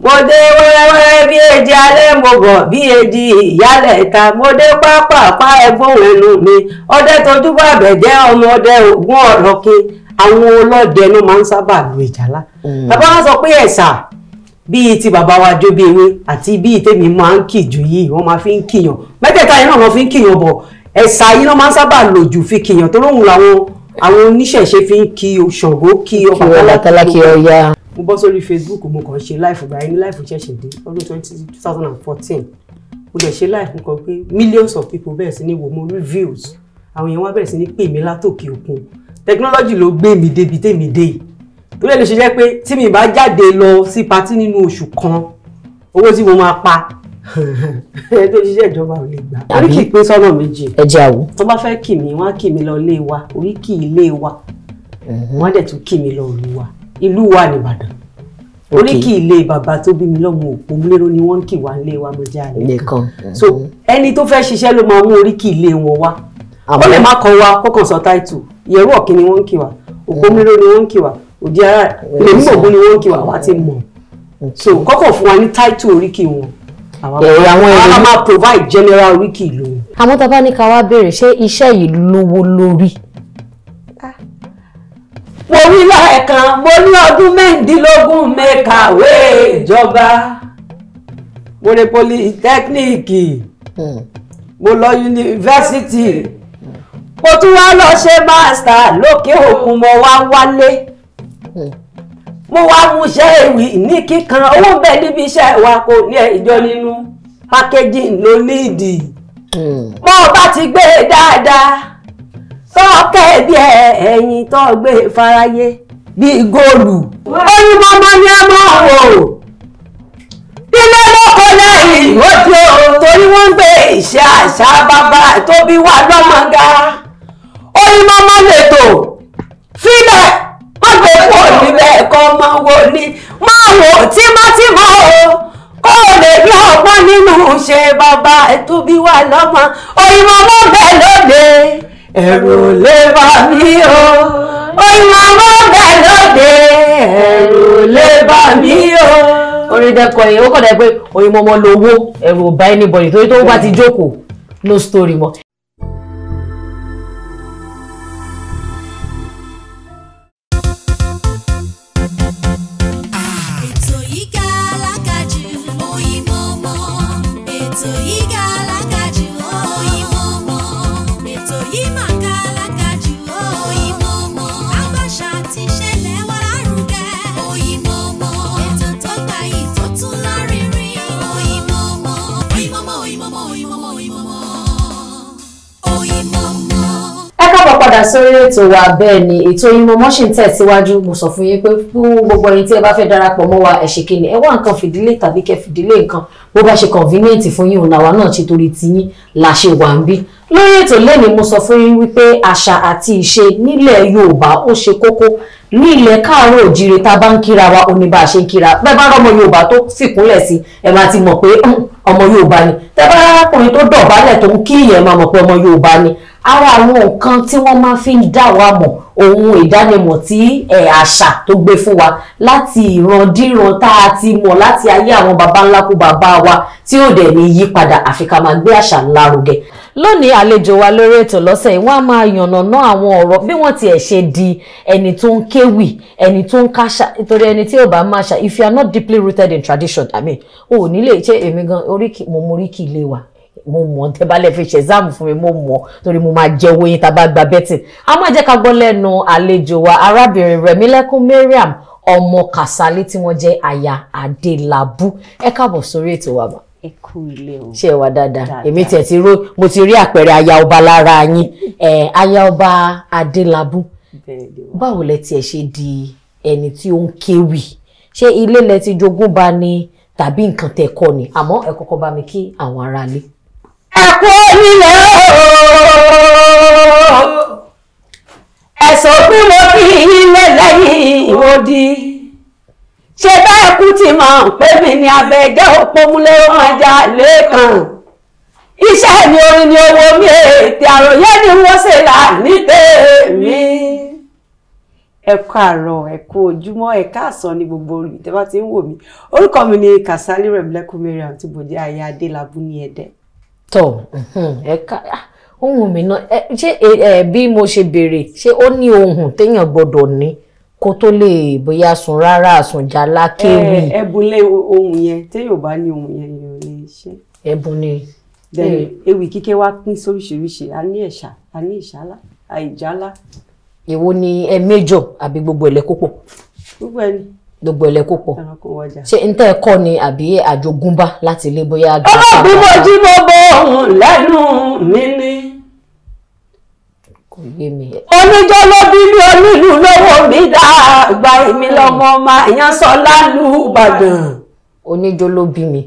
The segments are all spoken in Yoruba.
mo dé wẹ́rẹ́wẹ́rẹ́ bí eji alẹ́ mo bọ̀ bí eji ìyálẹ̀ ìta mo dé pápá pa ẹgbọ́n ẹnu mi ọdẹ tójú bá bẹ̀jẹ́ ọmọ ọdẹ ògún ọ̀rọ̀ kí àwọn ọlọ́dẹ ló máa ń sábà lu ìjálá mm. bàbá wa sọ pé ẹ̀sà bíi ti bàbá wa jó bí ewé àti bíi tèmi máa ń kì jù yìí wọ́n máa fi ń kìyàn mẹ́tẹ̀ẹ̀ta yìí náà wọ́n fi ń kìyàn bọ̀ ẹ̀sà yìí náà máa ń sábà lò jù fi kìyàn tó lóhùn làwọn àwọn oníṣẹ̀ṣe fi ń kí Ṣàngó kí kí Ọya mo bọ́ sórí facebook mo kàn ṣe láìfù gbà ẹni láìfù ṣẹ̀ṣẹ̀ dé ọdún twenty two thousand and fourteen mo lè ṣe láìfù kan pé millions of people bẹ̀rẹ̀ sí ní wo mo reviews àwọn èèyàn wá bẹ̀rẹ̀ sí ní pè mí látòkè òkun technology ló gbé mi débi tèmi dé torí ẹ̀ ló ṣe jẹ́ pé tí mi bá jáde lọ sí patí nínú oṣù kan owó tí mo máa pa ẹ tó ṣiṣẹ́ ìjọba ò lè gbà. orí kì í pín sọ́nà méjì. ẹ jẹ́ àwọ̀. tó bá fẹ́ kì mí wọ́n á kì mí lọ ilé wa orí kì í ilé wa wọ́n á dẹ̀ tún kì mí lọ òru wa ìlú wa nìbàdàn oríkì ilé bàbá tó bí mi lọ́mọ òpómúlérò ni wọ́n ń kì wá ń wa mo jẹ́ àlejò so mhm. ẹni tó fẹ́ ṣiṣẹ́ ló máa mú oríkì ilé wọn wá ó lè má kọ wa kọ́kàn sọ táìtù ìyẹ̀rú ọ̀kí ni wọ́n ń kì wá òpómúlérò ni wọ́n ń kì wá òdi ara lèmi ògún ni wọ́n ń kì wá wá ti mọ̀ so kọ́kàn fún wa ní táìtù oríkì wọn àwọn máa provide general oríkì ìlú. àwọn tá a bá ní ká wá béèrè ṣé iṣẹ́ yìí lówó lórí mo wí lẹ́ẹ̀kan mo ní ọdún mẹ́rìndínlógún mẹ́kàwé ìjọba mo lè polytẹ́kíníìkì hmm. mo lọ yunifásitì mo tún wá lọ ṣe mástà lókè òkun mo wá wálé hmm. mo wá múṣẹ́ ewì ní kíkan owó ń níbi iṣẹ́ wa kò ní ìjọ nínú packaging ló nídìí hmm. mo bá ti gbé e dáadáa tọ́kẹ́ bí ẹ̀yìn tó gbé fáráyé bí góòlù. onímọ̀ ọmọ ni ẹ mọ̀ wò ilé lọ́kọ̀ lẹ́yìn òde o torí wọ́n ń gbé ìṣe àṣà bàbá tó bí wà lọ́mọga onímọ̀ ọmọ lètò síbẹ̀ wọ́n gbé kó níbẹ̀ kọ́ mọ́ wo ni máa wò tímọ́tímọ́ o kó o lè rí ọgbọ́n nínú ṣe bàbá tó bí wà lọ́mọ onímọ̀ ọmọ bẹ́ẹ̀ lóde ẹ̀rù ò lè bà mí o oyin mo mọ bẹ́ẹ̀ lóde ẹ̀rù ò lè bà mí o. orin dẹkọ yìí ó kọ̀ dẹ́ pé oyin mo mọ lówó ẹ̀rù ò bá anybody torí tó bá ti jókòó no story mọ́ sórí ètò wa bẹ́ẹ̀ ni ètò yìí mo mọ́ṣìn tẹ̀síwájú mo sọ fún yín pé fún gbogbo ẹni tí ẹ bá fẹ́ darapọ̀ mọ́ wa ẹ ṣe kí ni ẹ wá nǹkan fìdílé tàbí kẹ́ fìdílé nǹkan bó bá ṣe convenient fún yín òun àwa náà ṣe torí tiyín la ṣe wà ń bí. lórí ètò lẹ́ni mo sọ fún yín wípé àṣà àti ìṣe nílẹ̀ Yorùbá ó ṣe kókó ní ilẹ̀ káàárọ̀ òjire tá a bá ń kíra wa ó ní bá a ṣe ń kíra bẹ́ẹ̀ bá rọmọ Yorùbá tó fìkúnlẹ̀ sí ẹ máa ti mọ̀ pé ọmọ Yorùbá ni tẹ́ bá arákùnrin tó dọ̀bálẹ̀ tó ń kí ìyẹn máa mọ̀ pé ọmọ Yorùbá ni ara àwọn nǹkan tí wọ́n máa fi ń dá wa mọ̀ ohun ìdánimọ̀ tí àṣà tó gbé fún wa láti ìrandíran tá a ti mọ̀ láti ayé àwọn baba ńlá kú bàbá wa tí ò dẹ̀ ní yípadà àfi ká máa gbé àṣà lárugẹ lónìí àlejò wa lórí ètò lọ́sẹ̀ yìí wọ́n á máa yànnàná àwọn ọ̀rọ̀ bí wọ́n tiẹ̀ ṣe di ẹni tó ń kéwì ẹni tó ń káṣà nítorí ẹni tí ò bá máa ṣà if you are not deeply rooted in tradition I mean o ò nílé ṣé èmi gan oríkì mo mú oríkì ilé wa mo mọ̀ tẹ́ bá lè fi ṣe exam fún mi mo mọ̀ torí mo máa jẹ owó yín tá a bá gba betting a máa jẹ́ ká gbọ́ lẹ́nu àlejò wa arábìnrin Rẹ̀mílẹ́kún Mariam ọmọ Kàsálí tí wọ́n jẹ́ aya Adélabú ẹ káàbọ̀ sórí ètò wa bá ẹ kú ilé o ṣé wà dáadáa èmi tẹ̀ ti ró mo ti rí àpẹẹrẹ aya ọba lára yín aya ọba Adélabú báwo lẹ tiẹ̀ ṣe di ẹni tí ó ń kéwì ṣé ilé lẹ ti jogún bá ni tàbí nǹkan tẹ́ kọ́ ni àmọ́ ẹ kọ́kọ́ bá mi kí àwọn aráalé ẹ̀kú onílẹ̀ ooo ẹ̀sùn bí mo kí ilé lẹ́yìn ìwòdì ṣe bẹ́ẹ̀ kú ti mọ̀ pé mi ni abẹ́jẹ́ òpómúlé ọjà lẹ́ẹ̀kan iṣẹ́ ni orin ni owó mi ètè àròyé ni wọ́n ṣe là ní tèmi. ẹ kú àárọ̀ ẹ kú ojúmọ́ ẹ káàsán ní gbogbo olùtẹ́wá tí ń wò mí orúkọ mi ni Kàsálí Rẹ̀mílẹ́kùn Mariam tí mo jẹ́ aya Adélabú ní Ẹdẹ. tọ̀ ẹ̀ka ohun mi náà ṣé bí mo ṣe béèrè ṣé ó ní ohun téèyàn gbọ́dọ̀ ní kó tó lè bóyá sùn rárá àsùnjà lákéwì. ẹ̀bùn lé ohun yẹn téèyàn bá ní ohun yẹn yóò lè ṣe. ẹ̀bùn ni. bẹ́ẹ̀ ewì kíkẹ́ wá pín sóríṣiríṣi a ní ẹ̀ṣà a ní ìṣálá àìjálá. èwo ni ẹ méjọ àbí gbogbo ẹ̀lẹ́kópọ̀. gbogbo ẹni gbogbo ẹlẹ́kọ̀ pọ̀ ṣé n tẹ́ ẹ kọ́ ni àbí àjogúnbá láti ilé bóyá. ọlọ́ ah, bí mo jí mo bọ ohun lẹ́nu mi ni. kò yé mi. oníjọ́ ló bí mi onílù lówó mi dàgbà èmi lọ́mọ máa yan sọ lálùbàdàn. oníjọ́ ló bí mi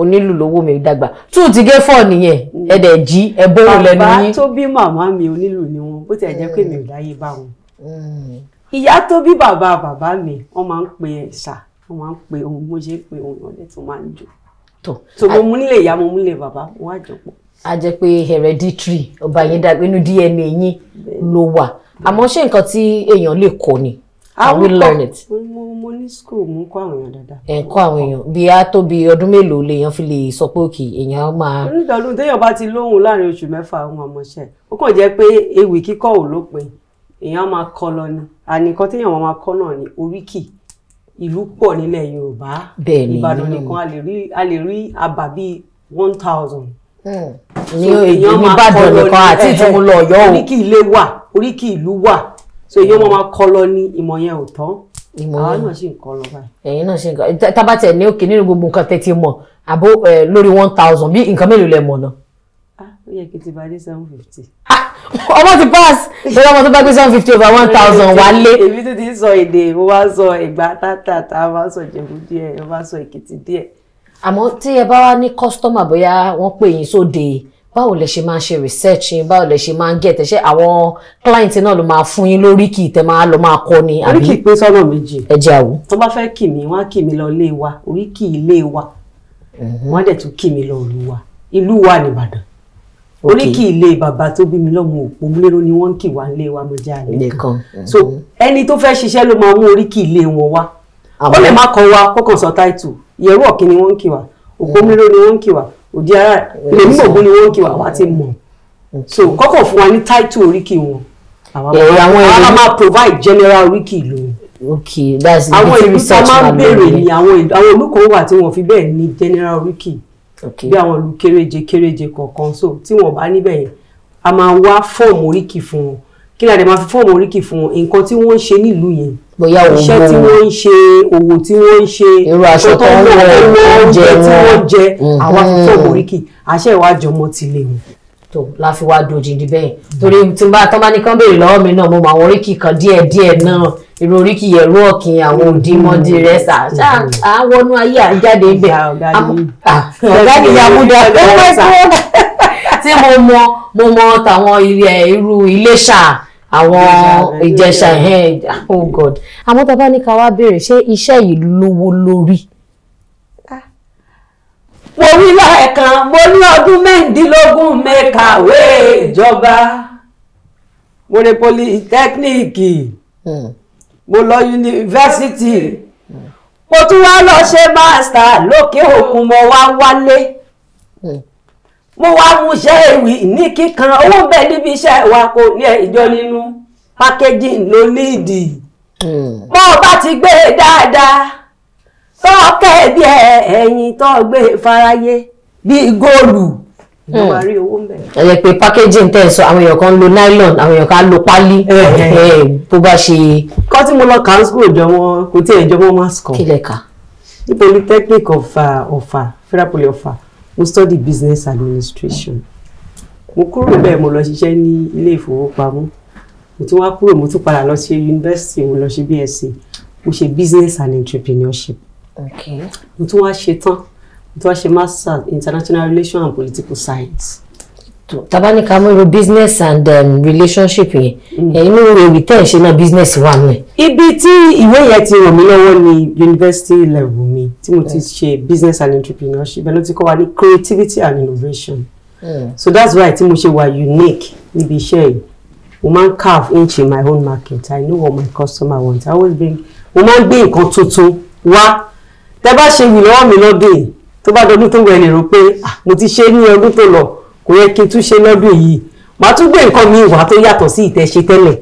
onílù lówó mi dàgbà tún ti gé fọ́ nìyẹn ẹ̀dẹ̀ jí ẹ̀bọ́n lẹ́nu yín. bàbá tó bí màmá mi onílù ni wọn bó ti jẹ́ pé mi ò dáyé bá wọn. Mm ìyá tó bí bàbá bàbá mi wọ́n máa ń pe ẹ̀ṣà wọ́n máa ń pe ohun mo ṣe ń pe ohun ọ̀lẹ́ tó máa ń jò tó so mo mú nílé ìyá mo mú nílé bàbá mo wá jọ pọ̀. a jẹ pé hereditary ọba yẹn dàgbé inú DNA yín ló wà àmọ́ ṣé nǹkan tí èèyàn lè kọ́ ni can we learn it. mo mo ní school mo ń kọ́ àwọn èèyàn dáadáa. ẹ̀ ń kọ́ àwọn èèyàn bí a tó bí ọdún mélòó lèèyàn fi lè sọ pé òkè èèyàn máa. onídàálóhùn téèyàn bá ti lóhùn láàrin oṣù mẹ́fà àwọn ọmọọṣẹ́ ó kàn jẹ́ pé ewì kíkọ́ ò lópin èèyàn máa kọ́ lọ ni ànìkan téèyàn máa kọ́ náà ni oríkì ìlú pọ̀ nílẹ̀ yorùbá ìbàdàn nìkan a lè rí abà bíi one thousand hmm. ní ìbàdàn nìkan àti ìtumúlò ọ̀yọ́ o oríkì ilé wà oríkì ìlú wà so èèyàn máa kọ́ lọ ní ìmọ̀ yẹn ò tán àwọn náà sì ń kọ́ lọ báyìí. ẹ̀yin náà sì ń kọ́ tábàtẹ̀ ní òkè nínú gbogbo nǹkan tẹ́ ti mọ̀ àbó lórí one thousand bí nǹkan mélòó lẹ mọ̀ náà yẹ kí n ti bá dé seven fifty. Ah, ọmọ ti pass lórí ọmọ tó bá gbé seven fifty over one thousand wálé. èmi tó ti sọ èdè mo bá sọ ìgbà tátàtà mo bá sọ jẹ̀bú díẹ̀ mo bá sọ èkìtì díẹ̀. àmọ́ tí ẹ bá wá ní kọ́sítọ́mà bóyá wọ́n pè yín sóde báwo lẹ ṣe máa ṣe research yín báwo lẹ ṣe máa ń gẹ̀ tẹ́ṣẹ́ àwọn client náà ló máa fún yín lórí kì í tẹ́ máa lọ máa kọ́ ni. oríkì pín sọ́nà méjì. ẹ jẹ́ àwò. tó bá fẹ́ kì mí wọ́n á kì mí lọ ilé wa oríkì ilé wa mhm. wọ́n á dẹ̀ tún kì mí lọ ìlú wa ìlú wa nìbàdàn oríkì ilé bàbá tó bí mi lọ́mọ òpómúlérò ni wọ́n ń kì wá nílé wa mo jẹ́ àlẹ́ kan so mm-hmm. ẹni tó fẹ́ ṣiṣẹ́ ló máa mú oríkì ilé wọn wá ó lè má kọ wa kọ́kàn sọ táìtù ìyẹ̀rú ọ̀kí ni wọ́n ń kì wá òpómúlérò mm-hmm. ni wọ́n ń kì wá òdi ara mm-hmm. lèmi ògùn ni wọ́n ń kì wá wá ti mọ̀ so kọ́kàn fún wa ní táìtù oríkì wọn eh, àwọn máa provide general oríkì ìlú okay that's the research àwọn ìlú kan máa ń béèrè ni àwọn olùkọ́ wà tí wọ́n fi bẹ́ẹ̀ ní general oríkì bí àwọn ìlú kéréje kéréje kọ̀ọ̀kan so tí wọ́n bá níbẹ̀ yẹn a máa wá fọ́ọ̀mù oríkì fún wọn kí ládẹ máa fi fọ́ọ̀mù oríkì fún wọn nǹkan tí wọ́n ń ṣe nílùú yẹn iṣẹ́ tí wọ́n ń ṣe òwò tí wọ́n ń ṣe irú aṣọ tó ń wọ oúnjẹ tí wọ́n jẹ àwa fi fọ́ọ̀mù mm-hmm. oríkì àṣẹ ìwádìí ọmọ ti lè wọ̀ tó la fi wá dojì níbẹ̀ torí tí n bá tọ́ bá ní kán béèrè lọ́wọ́ mi náà mo mọ àwọn oríkì kan díẹ̀ náà ìró orí kì í yẹ̀rú ọ̀kìn àwọn òdìmọ̀dì rẹ̀ sà ṣáà á wọnú ayé àjáde ibẹ̀ ọ̀gá ni yamuda tí mo mọ mo mọ tàwọn irú Iléṣà àwọn Ìjẹ̀ṣà oh God àmọ́ tá a bá ní ká wá béèrè ṣé iṣẹ́ yìí lówó lórí ah. mo rí lẹ́ẹ̀kan mo ní ọdún mẹ́rìndínlógún mẹ́kàwé ìjọba mo rè polytechnic. Hmm mo lọ yunifásitì mo tún wá lọ ṣe mástà lókè òkun mo wá wálé hmm. mo wá múṣẹ́ ewì ní kíkan owó bẹ níbi iṣẹ́ wa kò ní ìjọ nínú packaging ló ní hmm. Mo bọ́ ọ bá ti gbé e dáadáa tọ́ bí ẹ̀yìn tó gbé e fáráyé góòlù ló hmm. máa rí owó mbẹ. ẹ yẹ pé packaging tẹ́ ẹ sọ àwọn èèyàn kan ń lo nylon àwọn èèyàn kan á lo pálí tó bá ṣe. kọ́ tí mo lọ kà ń sùkúrò jọ wọn kò tí ì jọ wọn mass com. kí lẹ kà. ní polytechnic ọ̀fà ọ̀fà fẹ́ràpọ̀lì ọ̀fà mo study business administration mo kúrò bẹ́ẹ̀ mo lọ ṣiṣẹ́ ní ilé ìfowópamọ́ mo tún wá kúrò mo tún padà lọ ṣe yunifásitì mo lọ ṣe BSc e. mo ṣe business and entrepreneurship. mo tún wá ṣe tán tí wọ́n ṣe masters international relations and political science. tabani ka mú irú business and um, relationship yẹn mm. inú ewì tẹ́ ẹ̀ ṣe náà business wà nù ẹ̀. ibi tí ìwé yẹn ti ràn mí lọ́wọ́ ni university level mi tí mo ti mm. ṣe business and entrepreneurship ẹ̀ ló ti kọ́ wa ní creativity and innovation. Mm. so that's why tí mo ṣe wà unique níbi iṣẹ́ yìí mo máa ń carve inch in my own market i know what my customer wants i always bring mo máa ń gbé nǹkan tuntun wá tẹ́ bá ṣe wì lọ́wọ́ mi lọ́dún yìí tó bá dọdún tó wẹ̀ lè rò pé mo ti ṣe é ní ọdún tó lọ kò yẹ kí n tún ṣe lọ́dún yìí màá tún gbé nǹkan mi wá tó yàtọ̀ sí ìtẹ̀ṣe tẹ́lẹ̀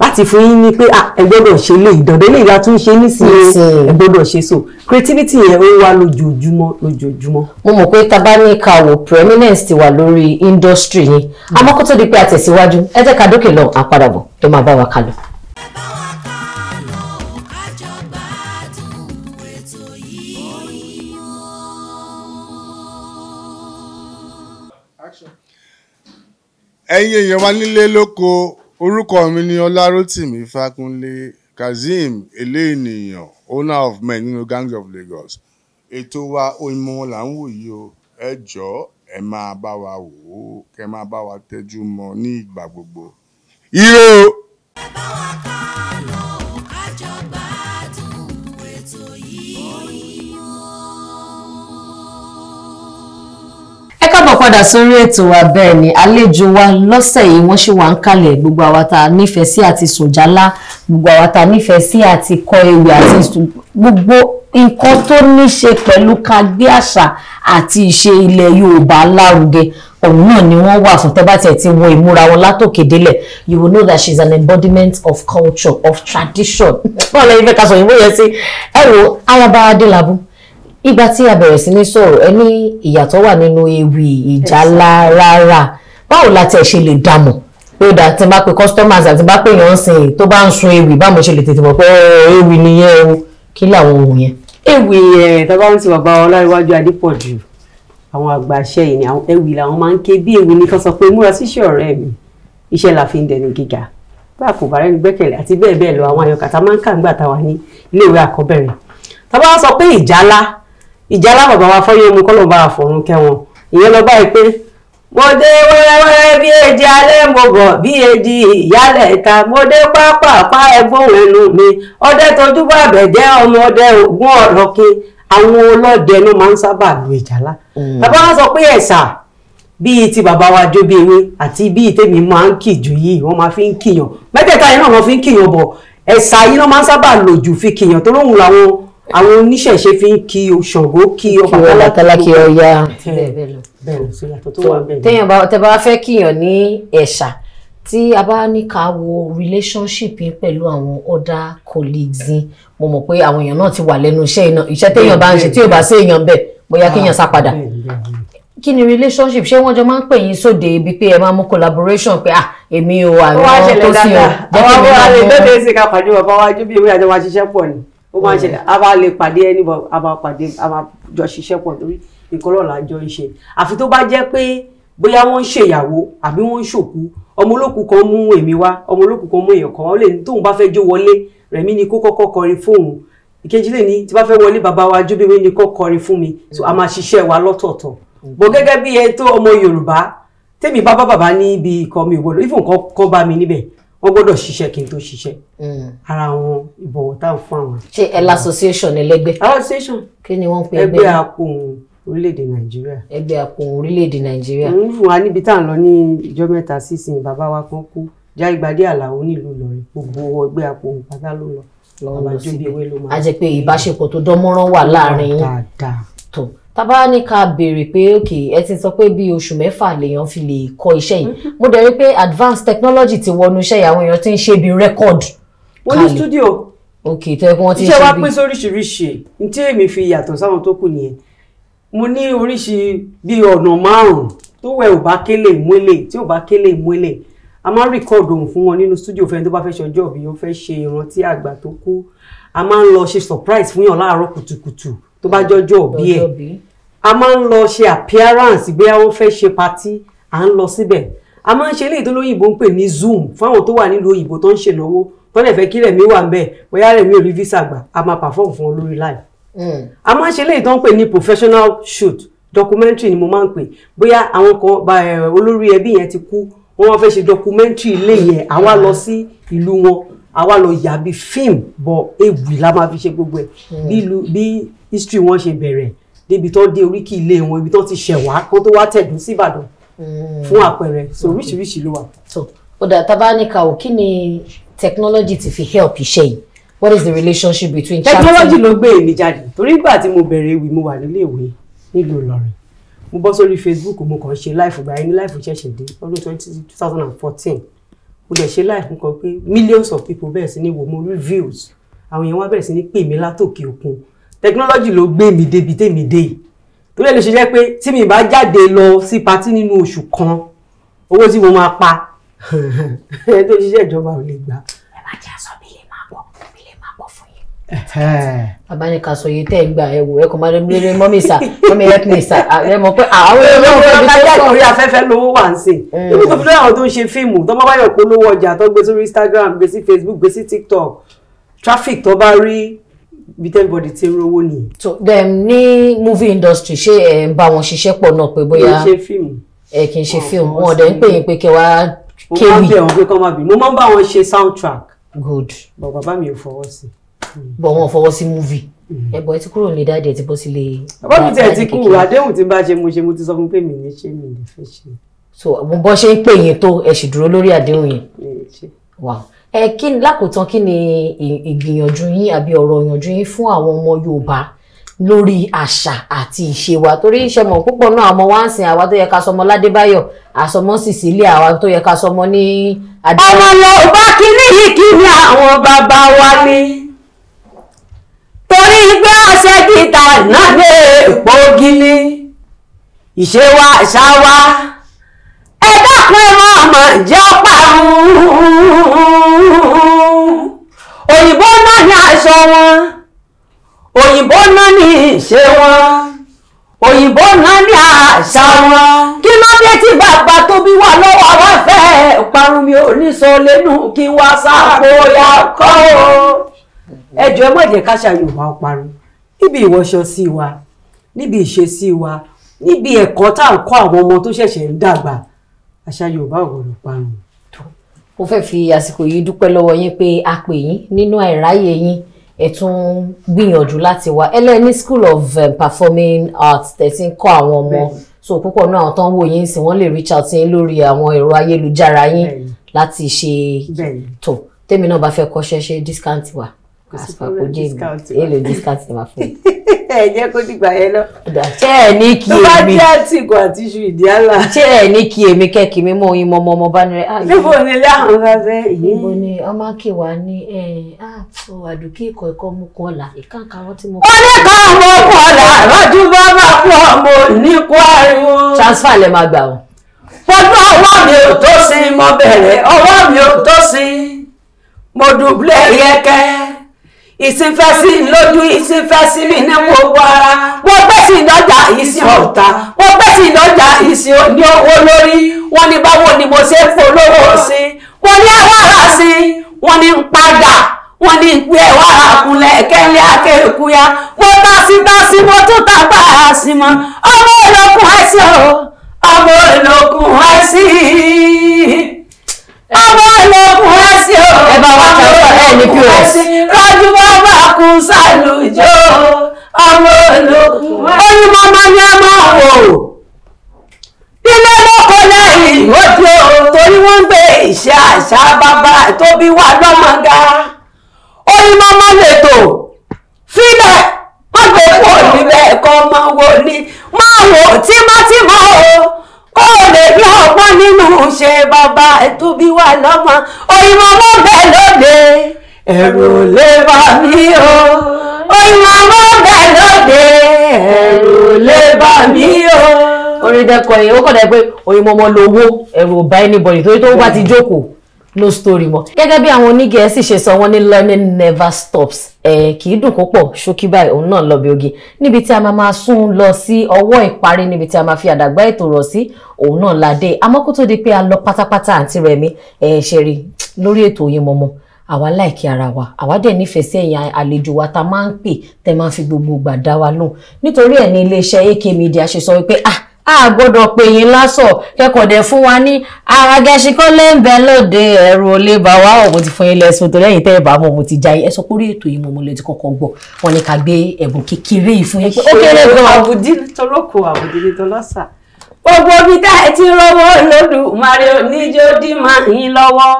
láti fún yín ní pé ẹ gbọ́dọ̀ ṣe lè ìdọ̀dẹ́ lè ya tún ṣe nísìnyí ẹ gbọ́dọ̀ ṣe so creativity yẹn ó wá lójoojúmọ́ lójoojúmọ́. mo mọ̀ pé tá bá ní ká wò preeminence ti wà lórí industry yìí àmọ́ kó tó di pé a tẹ̀síwájú ẹ jẹ́ ká dókè lọ àpadàbọ̀ tó máa bá wa kálọ. ẹ̀yin èèyàn wa nílé lóko orúkọ mi ni ọlárótìmí fákúnlé kazeem eléènìyàn owner of men nínú gang of Lagos ètò wa Oyinmomo là ń wò yìí o ẹ jọ̀ọ́ ẹ máa bá wa wò ó kẹ máa bá wa tẹ́jú mọ́ ní ìgbà gbogbo. ire padà sórí ètò wa bẹ́ẹ̀ ni àlejò wa lọ́sẹ̀ yìí wọ́n ṣì wà ń kalẹ̀ gbogbo àwa tá nífẹ̀ẹ́ sí àti sùnjálá gbogbo àwa tá nífẹ̀ẹ́ sí àti kọ ewì àti gbogbo nǹkan tó ní ṣe pẹ̀lú ká àṣà àti ìṣe ilẹ̀ Yorùbá lárugẹ òun náà ni wọ́n wà fún tẹ́bá tiẹ̀ ti wo ìmúra wọn látòkè délẹ̀ you will know that she is an embodiment of culture of tradition. báwo lẹ́yìn fẹ́ ká sọ ìwé yẹn sí ẹ wo ayaba adélábù ìgbà tí a bẹ̀rẹ̀ sí ní sọ̀rọ̀ ẹ ní ìyàtọ̀ wà nínú ewì ìjálá rárá báwo la tẹ̀ ṣe lè dàmọ̀ pé ó dà tí n bá pe customers àti bá pè yàn sìn tó bá ń sun ewì báwo ṣe lè tètè mọ̀ pé ewì nìyẹn o kí làwọn ohun yẹn. ewì ẹ̀ tọ́ba ń ti bàbá ọláríwájú adépọ̀jù àwọn àgbàṣe yìí ni ewì làwọn máa ń ké bí ewì ni kan sọ pé múra síṣẹ́ ọ̀rẹ́ mi iṣẹ́ la fi ń dẹni gíga bá a kò bá rẹ́ni gbẹ́kẹ̀lé àti bẹ́ẹ̀ bẹ́ẹ̀ lọ àwọn àyọkà ìjà alábàbà wa fọ́yé mu kọ́ ló bá àfọ̀rún kẹ́wọn ìyẹn lọ báyìí pé mo dé wẹ́rẹ́wẹ́rẹ́ bí èjì alẹ́ mo bọ̀ bí èjì ìyálẹ̀ ìta mo dé pápápá ẹgbọ́n ẹnu mi ọdẹ tójú bá bẹ̀jẹ́ ọmọ ọdẹ ògún ọ̀rọ̀ kí àwọn ọlọ́dẹ ló máa ń sábà lu ìjálá mm. bàbá wa sọ pé ẹ̀sà bíi ti bàbá wa jó bí ewé àti bíi tèmi máa ń kì jù yìí wọ́n máa fi ń kìyàn mẹ́tẹ̀ẹ̀ta yìí náà wọ́n fi ń kìyàn bọ̀ ẹ̀sà yìí ló máa ń sábà lò jù fi kìyàn tó lóhùn làwọn àwọn oníṣẹ̀ṣe fi ń kí Ṣàngó kí Ọbàtálá kí Ọya bẹ́ẹ̀ bẹ́ẹ̀ lọ. bẹ́ẹ̀ lọ sí yàtọ̀ tó wà bẹ́ẹ̀ lọ. téèyàn bá tẹ bá fẹ́ kíyàn ní ẹ̀ṣà tí a bá ní ká wo relationship yín pẹ̀lú àwọn other colleagues yín mo mọ̀ pé àwọn èèyàn náà ti wà lẹ́nu iṣẹ́ iná iṣẹ́ téèyàn bá ń ṣe tí ò bá sí èèyàn bẹ́ẹ̀ bóyá kéèyàn sá padà ah, kí ni relationship ṣé wọ́n jọ máa ń pè yín sóde ibi pé ẹ máa mú collaboration pé ah èmi o àwọn tó sì o jẹ́ kí mi máa bọ́ ọ́. wọ́n á ṣẹlẹ̀ dáadáa àwọn abúlé bẹ́ẹ̀ bẹ́ẹ̀ sì ká pàdé bàbá wájú bí ewé àjọ wa ṣiṣẹ́ pọ̀ ni ó máa ń mm. ṣẹlẹ̀ a bá lè pàdé ẹni bọ̀ a máa pàdé a máa jọ ṣiṣẹ́ pọ̀ torí nǹkan náà là ń jọ ń ṣe àfi tó bá jẹ́ pé bóyá wọ́n ń ṣèyàwó àbí wọ́n ń ṣòkú ọmọ olókù kan mú èmi wá ọmọ olókù kan mú èèyàn kan ó lè ní tóun bá fẹ́ jó wọlé rẹ̀mí ni kó kọ́kọ́ kọrin fóun ìkejì lè ní tí bá fẹ́ wọlé bàbá wa jó bíbí ni kó kọrin fún mi so a máa ṣiṣẹ́ wa lọ́tọ̀ọ̀tọ̀ mm. bó gẹ́gẹ́ bí ẹ tó ọmọ Yorùbá tèmi bá bá bàbá níbi ìkọ́ mi ò gbọ́dọ̀ kọ́ bá mi níbẹ̀ wọ́n gbọ́dọ̀ ṣiṣẹ́ kí n tó ṣiṣẹ́ hmm. ara wọn ìbọ̀wọ̀ tá à fún àwọn. ṣe ẹ la association ẹlẹgbẹ́. association kí ni wọ́n pe ẹgbẹ́ ẹgbẹ́ apohùn orílẹ̀-èdè nàìjíríà. ẹgbẹ́ apohùn orílẹ̀-èdè nàìjíríà. ń fún wa níbi tá à ń lọ ní ìjọ mẹ́ta sísìn bàbá wa kan kú jáìgbádé àlàó nílùú ìlọrin gbogbo ẹgbẹ́ apohùn pátá ló lọ. lọ́wọ́ síbi a ìbáṣepọ̀ tó dán wà láàrin yín. dáadáa tábà ní ká béèrè pé òkè ẹ ti sọ pé bí oṣù mẹ́fà lèèyàn fi lè kọ́ iṣẹ́ yìí mm-hmm. mo dẹ̀ rí pé advanced technology ti wọnú iṣẹ́ yìí àwọn èèyàn ti ń ṣe bí record. wọ́n ní studio ok tó yẹ kí wọ́n ti ń ṣe bí. iṣẹ́ wa pín sóríṣiríṣi ní tí èmi fi yàtọ̀ sáwọn tó kù nìyẹn mo ní oríṣi bíi ọ̀nà márùn-ún tó wẹ̀ ò bá kélé ìmúlẹ̀ tí ò bá kélé ìmúlẹ̀ a máa ń record ohun fún wọn nínú studio fẹ́ni tó bá fẹ́ ṣọjọ́ bí ó fẹ́ ṣe ìrántí àgbà tó kú a máa ń lọ ṣe surprise fún yàn láàárọ̀ kùtùkùtù tó bá jọjọ́ òbí ẹ̀ a máa ń lọ ṣe appearance bí a fẹ́ ṣe patí à ń lọ síbẹ̀ a máa ń ṣe eléyìí tó lóyìnbó ń pè ní zoom fáwọn tó wà nílùú òyìnbó tó ń ṣènáwó wọ́n lè fẹ́ kí rẹ̀mí wà ńbẹ̀ bóyá rẹ̀mí ò rí visa gbà a máa perform fún wọn lórí live. Hmm. a máa ń ṣe eléyìí tó ń pè ní professional shoot documentary ni mo máa ń pè bóyá àwọn kan olórí ẹbí yẹn ti kú wọ́n wá fẹ́ ṣe documentary ilé yẹn àwa lọ sí ìlú wọn àwa lọ yà bí fíìmù bọ ewì la máa fi ṣe gbogbo ẹ hmm. bí history wọn ṣe bẹ̀rẹ̀ débi tó dé oríkì ilé wọn ibi tó ti ṣẹ̀wá kó tó wá tẹ̀dún sí Ìbàdàn hmm. fún àpẹẹrẹ so oríṣiríṣi ló wà. ó dà tá a bá ní ká o kí ni technology ti fi help iṣẹ́ yìí what is the relationship between charity. technology ló gbé èmi jáde torí ìgbà tí mo bẹ̀rẹ̀ ewì mo wà nílé ìwé nílùú Ìlọrin mo bọ́ sórí Facebook mo kàn ṣe láìfù gbà ẹni láìfù ṣẹ̀ṣẹ̀ dé ọdún twenty two thousand and fourteen mo dẹ̀ ṣe láì kan pé millions of people bẹ̀rẹ̀ sí ní wo mo rí views àwọn èèyàn wá bẹ̀rẹ̀ sí ní pè mí látòkè òkun technology ló gbé mi débi tèmi dé yìí torí ẹ̀ ló ṣe jẹ́ pé tí mi bá jáde lọ sí patí nínú oṣù kan owó tí mo máa pa ẹ tó ṣiṣẹ́ ìjọba ò lè gbà ẹ má jẹ́ àsọ abánikàsọ yìí tẹ́ ẹ gbà ẹ wò ẹ kò máa lè mọ́mí sà mọ́mí help me sà ẹ mọ̀ pé àwọn ẹ̀rọ ọ̀gbìn tó sọ̀rọ̀ orí afẹ́fẹ́ lówó wà ń sìn níbi tó fi lọ́wọ́ àwọn tó ń ṣe fíìmù tó má báyọ̀ polówó ọjà tó gbé sórí Instagram gbé sí Facebook gbé sí TikTok traffic tó bá rí bí tẹ́lifọ̀dì ti ń rówó nìyí. so dem ní movie industry ṣé ẹ ń bá wọn ṣiṣẹ́ pọ̀ náà pé bóyá kì í ṣe fíìmù ẹ kì í ṣe fíìmù wọn ọ̀dẹ̀ ń pè yín pé kẹwàá kéwì. mo máa ń bẹ̀ wọn pé kọ́ máa bì mo máa ń bá wọn ṣe soundtrack. good. bọ̀ bàbá mi ò fọwọ́ sí i bọ̀ wọn fọwọ́ sí múvì mm-hmm. ẹ̀bọ̀ ẹ ti kúrò nílé dáadé ẹ ti bọ́ sílé. bàbá mi tiẹ̀ ti kúrò àdéhùn tí n bá ṣe mo ṣe mo ti sọ fún pé mi ní ṣé mi ní fẹ́ ṣe. so mo bọ́ ṣe ń pè yín tó ẹ sì dúró lórí àdéhùn yẹn. ẹ kí ni lákòótán kí ni ìgbìyànjú yín àbí ọ̀rọ̀ ìyànjú yín fún àwọn ọmọ Yorùbá lórí àṣà àti ìṣe wa torí iṣẹ́ mọ̀ púpọ̀ náà àmọ́ wá ń sin àwa tó yẹ ká sọmọ ládébáyọ̀ àsọmọ Cecilia àwa tó yẹ ká sọmọ ní. ọmọ Yorùbá kìíní yìí kí ni àwọn bàbá wa ní. torí gbé ọṣẹ títà náà lè pọ̀ gílí ìṣe wa ẹ dákun òyìnbó náà ní aṣọ wọn òyìnbó náà ní ìṣe wọn òyìnbó náà ní àṣà wọn kí ló dé tí bàbá tó bí wà lọ́wọ́ wá fẹ́ parun mi ò ní sọ ẹjọ́ ẹ má jẹ́ káṣà yorùbá ó parun níbi ìwọṣọ sí wa níbi ìṣesí wa níbi ẹ̀kọ́ tá à ń kọ́ àwọn ọmọ tó ṣẹ̀ṣẹ̀ ń dàgbà àṣà yorùbá ò gbọdọ̀ parun. mo fẹ́ fi àsìkò yìí dúpẹ́ lọ́wọ́ yín pé a pè yín nínú àìráyè yín ẹ tún gbìyànjú láti wá ẹlẹ́ni school of um, performing arts tẹ̀sí ń kọ́ àwọn ọmọ so púpọ̀ náà àwọn tó ń wò yín sí wọ́n lè reach out yín lórí àwọn ẹ̀rọ ayélujára yín láti ṣe tó tèmi náà bá fẹ́ kọ́ṣẹ́ ṣe discount wa àsopọ̀ jẹ́ èlò discount ni màá fún mi. ẹ jẹ́ kó dìgbà yẹn lọ. ṣé ẹ ní kí èmi. tó bá jẹ́ àtìkù àti iṣu ni ki ṣé ẹ ki kí mo kẹ́kì mo mo oyin mọmọ ọmọ bá nírẹ. Ah, níbo ni ilé àwọn bá fẹ́ yìí. níbo ni ọmọ kì wá ní àpò ah, àdùkí ikọ̀ ẹ̀kọ́ mú kọ́ ọ̀la ìkàǹkà wọn tí mo. ó ní ká mọ ọkọ̀ ọ̀la ìwájú bá bá mo ní kwari o. transfer lẹ máa gbà o. fọdún ọwọ́ mi ò tó sí mo bẹ̀rẹ̀ ọwọ́ mi ò tó sí mo dùbúlẹ̀ yẹ́kẹ́ ìsìnfẹ́sí lójú ìsìnfẹ́sí mi ní gbogbo ara wọ́n gbèsè ìdọ́jà ìsìn ọ̀tá wọ́n gbèsè ìdọ́jà ìsìn ní owó lórí wọ́n ní báwo ni mo ṣe polówó sí wọ́n ní àwárà sí wọ́n ní padà wọ́n ní pé wàrà kúnlẹ̀ kẹ́lẹ́ akéèkúyà wọ́n bá sí bá sí mo tún ta bá a sí mọ́ ọmọ ìlọ́kùn àìsí ọmọ ìlọ́kùn àìsí ọmọ sí o. ẹ bá wa ta ọ ẹ ní pos. rọjú wọn bá kú sálùjọ ọmọ olókùn. oyún mọ́mọ́ ni ẹ máa wò ó. ilé lóko lẹ́yìn ìwọ́jọ́ torí wọ́n ń gbé ìṣe àṣà bàbá tó bí wà lọ́mọga. oyún mọ́mọ́ lètò fílẹ̀ wọ́n gbé kúrò níbẹ̀ kọ́ ọmọ wo máa wò tímọ́tímọ́ o kó o lè rí ọgbọ́n nínú ṣe bàbá ètò bí wà lọ́mọ òyìnbó mọ́ bẹ́ẹ̀ lóde ẹ̀rù lè bà mí o òyìnbó mọ́ bẹ́ẹ̀ lóde ẹ̀rù lè bà mí o. orin dẹkọ yìí ó kọ̀ dẹ́ pé òyìnbó ọmọ lówó ẹ̀rù ò bá anybody torí tó bá ti jókòó no story mọ́. gẹ́gẹ́ bí àwọn onígẹ̀ẹ́sì ṣe sọ wọ́n ní learning never stops ẹ̀ kì í dùn púpọ̀ ṣókí báyìí òun náà lọ bí ogi níbi tí a máa máa sún lọ sí ọwọ́ ìparí níbi tí a máa fi àdàgbà ètò rọ̀ sí òun náà ládé àmọ́ kó tó di pé a lọ pátápátá àǹtí Rẹ̀mí ẹ̀ ṣe rí lórí ètò yìí mọ́mọ́ àwa láìkí ara wa àwa dẹ̀ nífẹ̀ẹ́ sí ẹ̀yìn àlejò wa ta máa ń pè tẹ́ máa fi gbogbo gbà dá wa lóhùn nítorí ẹ̀ ní iléeṣẹ́ AK Media ṣe sọ wípé ah a gbọ́dọ̀ pè yín lásọ̀ kẹ́kọ̀ọ́ dẹ̀ fún wa ní ara gẹ̀ṣikọ́ lẹ́ńbẹ̀ẹ́ lóde ẹ̀rù olè bá wa ọ̀ mo ti fún yín lẹ́sùn tó lẹ́yìn tẹ́ ẹ̀ bá mọ̀ mo ti jayé ẹ sọ pé orí ètò yìí mo mo lè ti kọ́kọ́ gbọ́ wọn ni ká gbé ẹ̀bùn kékeré yìí fún yín pé ó kéré gan. àbùdí tọlọ́kọ àbùdí tọlọ́sà gbogbo bí tá ẹ ti rọwọ́ lódùmarè máa yín lọ́wọ́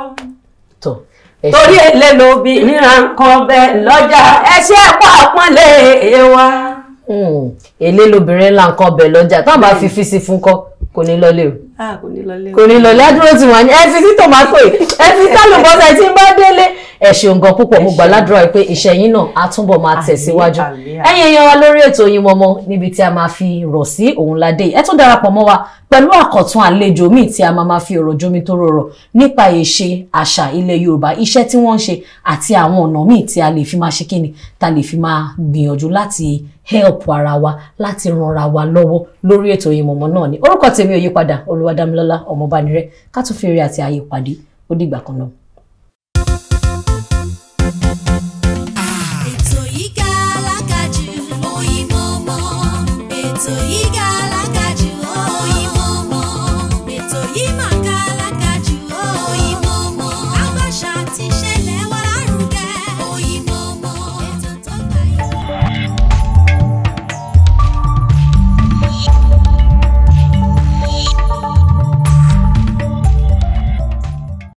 Hmm, èlé lobìnrin ńlá nǹkan ọbẹ̀ lọ́jà táwọn bá fi hmm. fi sí fún kọ́ kò ní lọlé o. kò ní lọlé o. kò ní lọlé adúró tí wọn ní ẹ fi sí tòmátò yìí ẹ fi tálùbọ́sà tí ń bá délé. ẹ ṣeun gan púpọ̀ mo gbà ládùúrà pé iṣẹ́ náà á túbọ̀ máa tẹ̀síwájú. ẹ̀yin èèyàn wa lórí ètò yín mọ́mọ́ níbi tí a máa fi rọ̀ sí òun ládé yìí ẹ tún darapọ̀ mọ́ wa pẹ̀lú àkọ̀tún àlejò míì tí a máa máa fi ọ̀rọ̀ jomi tó rọrọ̀ nípa ìṣe àṣà ilẹ̀ Yorùbá iṣẹ́ tí wọ́n ń ṣe àti àwọn ọ̀nà míì tí a lè fi máa ṣe kíni ta lè fi máa gbìyànjú láti help ara wa láti ranra wa lọ́wọ́ lórí ètò ìmọ̀mọ́ náà ni orúkọ tèmi ò yípadà olúwadámilọ́lá ọmọbanirẹ́ ká tún fèrè àti ààyè pàdé ó dìgbà kan náà.